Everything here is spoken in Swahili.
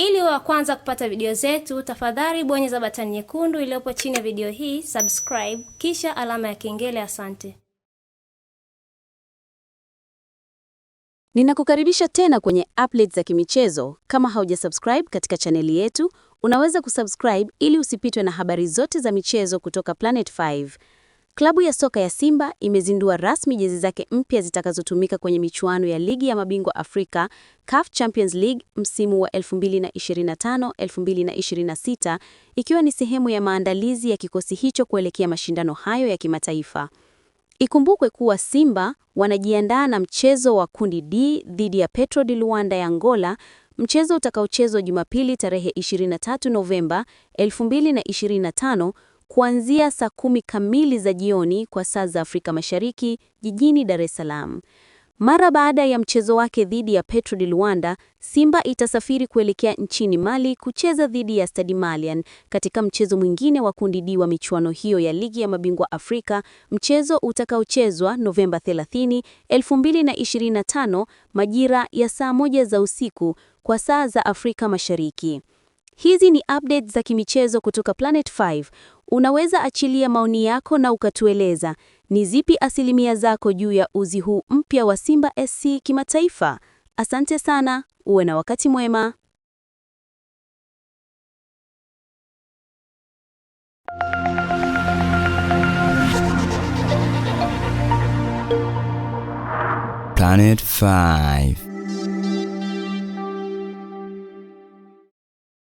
Ili wa kwanza kupata video zetu, tafadhali bonyeza batani nyekundu iliyopo chini ya video hii subscribe, kisha alama ya kengele. Asante. Ninakukaribisha tena kwenye updates za kimichezo. Kama haujasubscribe katika chaneli yetu, unaweza kusubscribe ili usipitwe na habari zote za michezo kutoka Planet 5. Klabu ya soka ya Simba imezindua rasmi jezi zake mpya zitakazotumika kwenye michuano ya Ligi ya Mabingwa Afrika CAF Champions League msimu wa 2025-2026 ikiwa ni sehemu ya maandalizi ya kikosi hicho kuelekea mashindano hayo ya kimataifa. Ikumbukwe kuwa Simba wanajiandaa na mchezo wa kundi D dhidi ya Petro de Luanda ya Angola, mchezo utakaochezwa Jumapili tarehe 23 Novemba 2025 kuanzia saa kumi kamili za jioni kwa saa za Afrika Mashariki jijini Dar es Salaam. Mara baada ya mchezo wake dhidi ya Petro de Luanda, Simba itasafiri kuelekea nchini Mali kucheza dhidi ya Stade Malien katika mchezo mwingine wa kundi D wa michuano hiyo ya Ligi ya Mabingwa Afrika, mchezo utakaochezwa Novemba 30, 2025 majira ya saa moja za usiku kwa saa za Afrika Mashariki. Hizi ni updates za kimichezo kutoka Planet 5. Unaweza achilia maoni yako na ukatueleza ni zipi asilimia zako juu ya uzi huu mpya wa Simba SC kimataifa. Asante sana, uwe na wakati mwema. Planet 5